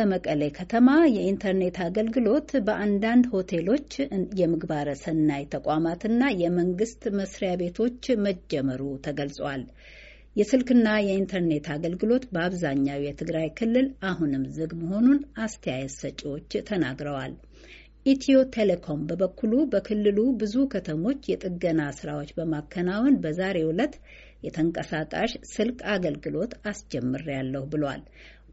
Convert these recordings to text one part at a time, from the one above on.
በመቀሌ ከተማ የኢንተርኔት አገልግሎት በአንዳንድ ሆቴሎች፣ የምግባረ ሰናይ ተቋማትና የመንግስት መስሪያ ቤቶች መጀመሩ ተገልጿል። የስልክና የኢንተርኔት አገልግሎት በአብዛኛው የትግራይ ክልል አሁንም ዝግ መሆኑን አስተያየት ሰጪዎች ተናግረዋል። ኢትዮ ቴሌኮም በበኩሉ በክልሉ ብዙ ከተሞች የጥገና ስራዎች በማከናወን በዛሬው ዕለት የተንቀሳቃሽ ስልክ አገልግሎት አስጀምሬያለሁ ብሏል።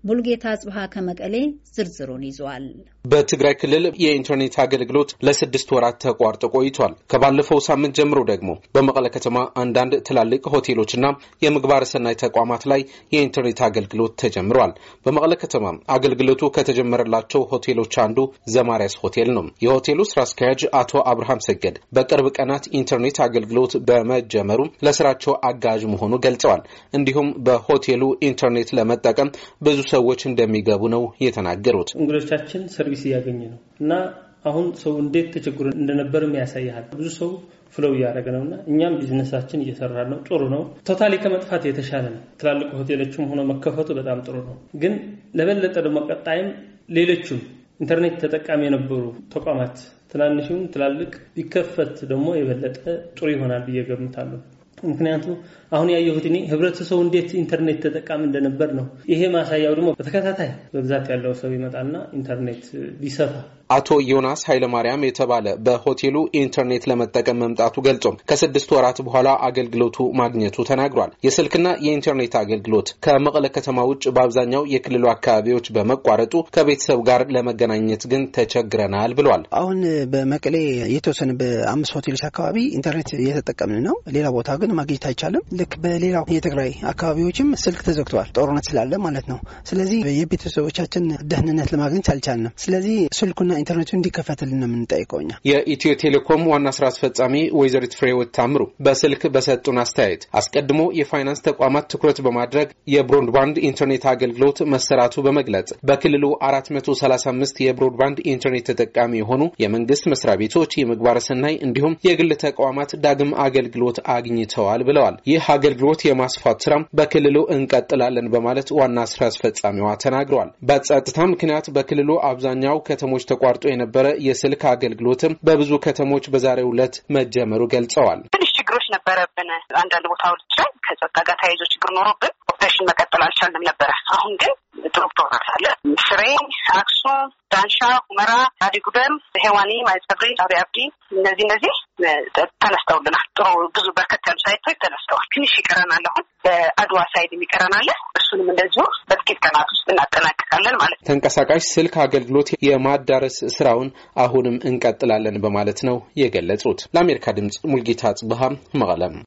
ቡልጌታ ጽብሀ ከመቀሌ ዝርዝሩን ይዟል። በትግራይ ክልል የኢንተርኔት አገልግሎት ለስድስት ወራት ተቋርጦ ቆይቷል። ከባለፈው ሳምንት ጀምሮ ደግሞ በመቀለ ከተማ አንዳንድ ትላልቅ ሆቴሎችና የምግባረ ሰናይ ተቋማት ላይ የኢንተርኔት አገልግሎት ተጀምሯል። በመቀለ ከተማ አገልግሎቱ ከተጀመረላቸው ሆቴሎች አንዱ ዘማሪያስ ሆቴል ነው። የሆቴሉ ስራ አስኪያጅ አቶ አብርሃም ሰገድ በቅርብ ቀናት ኢንተርኔት አገልግሎት በመጀመሩ ለስራቸው አጋዥ መሆኑ ገልጸዋል። እንዲሁም በሆቴሉ ኢንተርኔት ለመጠቀም ብዙ ሰዎች እንደሚገቡ ነው የተናገሩት። እንግዶቻችን ሰርቪስ እያገኘ ነው እና አሁን ሰው እንዴት ተቸግሮ እንደነበር ያሳያል። ብዙ ሰው ፍለው እያደረገ ነው እና እኛም ቢዝነሳችን እየሰራ ነው። ጥሩ ነው። ቶታሊ ከመጥፋት የተሻለ ነው። ትላልቅ ሆቴሎችም ሆነ መከፈቱ በጣም ጥሩ ነው። ግን ለበለጠ ደግሞ ቀጣይም ሌሎቹም ኢንተርኔት ተጠቃሚ የነበሩ ተቋማት ትናንሽም ትላልቅ ቢከፈት ደግሞ የበለጠ ጥሩ ይሆናል ብዬ ገምታለሁ። ምክንያቱ አሁን ያየሁት እኔ ህብረተሰቡ እንዴት ኢንተርኔት ተጠቃሚ እንደነበር ነው። ይሄ ማሳያው ደግሞ በተከታታይ በብዛት ያለው ሰው ይመጣና ኢንተርኔት ቢሰፋ አቶ ዮናስ ኃይለማርያም የተባለ በሆቴሉ ኢንተርኔት ለመጠቀም መምጣቱ ገልጾም ከስድስት ወራት በኋላ አገልግሎቱ ማግኘቱ ተናግሯል። የስልክና የኢንተርኔት አገልግሎት ከመቀለ ከተማ ውጭ በአብዛኛው የክልሉ አካባቢዎች በመቋረጡ ከቤተሰብ ጋር ለመገናኘት ግን ተቸግረናል ብሏል። አሁን በመቀሌ የተወሰነ በአምስት ሆቴሎች አካባቢ ኢንተርኔት እየተጠቀምን ነው። ሌላ ቦታ ግን ግን ማግኘት አይቻልም። ልክ በሌላው የትግራይ አካባቢዎችም ስልክ ተዘግተዋል፣ ጦርነት ስላለ ማለት ነው። ስለዚህ የቤተሰቦቻችን ደህንነት ለማግኘት አልቻልንም። ስለዚህ ስልኩና ኢንተርኔቱ እንዲከፈትልን ነው የምንጠይቀው እኛ። የኢትዮ ቴሌኮም ዋና ስራ አስፈጻሚ ወይዘሪት ፍሬህይወት ታምሩ በስልክ በሰጡን አስተያየት አስቀድሞ የፋይናንስ ተቋማት ትኩረት በማድረግ የብሮድባንድ ኢንተርኔት አገልግሎት መሰራቱ በመግለጽ በክልሉ 435 የብሮድባንድ ኢንተርኔት ተጠቃሚ የሆኑ የመንግስት መስሪያ ቤቶች፣ የምግባረ ሰናይ እንዲሁም የግል ተቋማት ዳግም አገልግሎት አግኝተዋል ተዋል ብለዋል። ይህ አገልግሎት የማስፋት ስራም በክልሉ እንቀጥላለን በማለት ዋና ስራ አስፈጻሚዋ ተናግረዋል። በጸጥታ ምክንያት በክልሉ አብዛኛው ከተሞች ተቋርጦ የነበረ የስልክ አገልግሎትም በብዙ ከተሞች በዛሬው ዕለት መጀመሩ ገልጸዋል። ትንሽ ችግሮች ነበረብን አንዳንድ ቦታዎች ላይ ከጸጥታ ጋር ተያይዞ ችግር ኖሮብን ኦፕሬሽን መቀጠል አልቻልንም ነበረ። አሁን ግን ጥሩ ፕሮግራም አለ። ስሬ አክሱም፣ ዳንሻ፣ ሁመራ፣ አዲጉደም፣ ሄዋኒ፣ ማይጸብሪ፣ ጣቢያ አብዲ እነዚህ እነዚህ ተነስተውልናል። ጥሩ ብዙ በርከት ያሉ ሳይቶች ተነስተዋል። ትንሽ ይቀረናል። አሁን በአድዋ ሳይድ የሚቀረን እሱንም እንደዚሁ በጥቂት ቀናት ውስጥ እናጠናቀቃለን ማለት ነው። ተንቀሳቃሽ ስልክ አገልግሎት የማዳረስ ስራውን አሁንም እንቀጥላለን በማለት ነው የገለጹት። ለአሜሪካ ድምጽ ሙልጌታ ጽብሃ መቀለም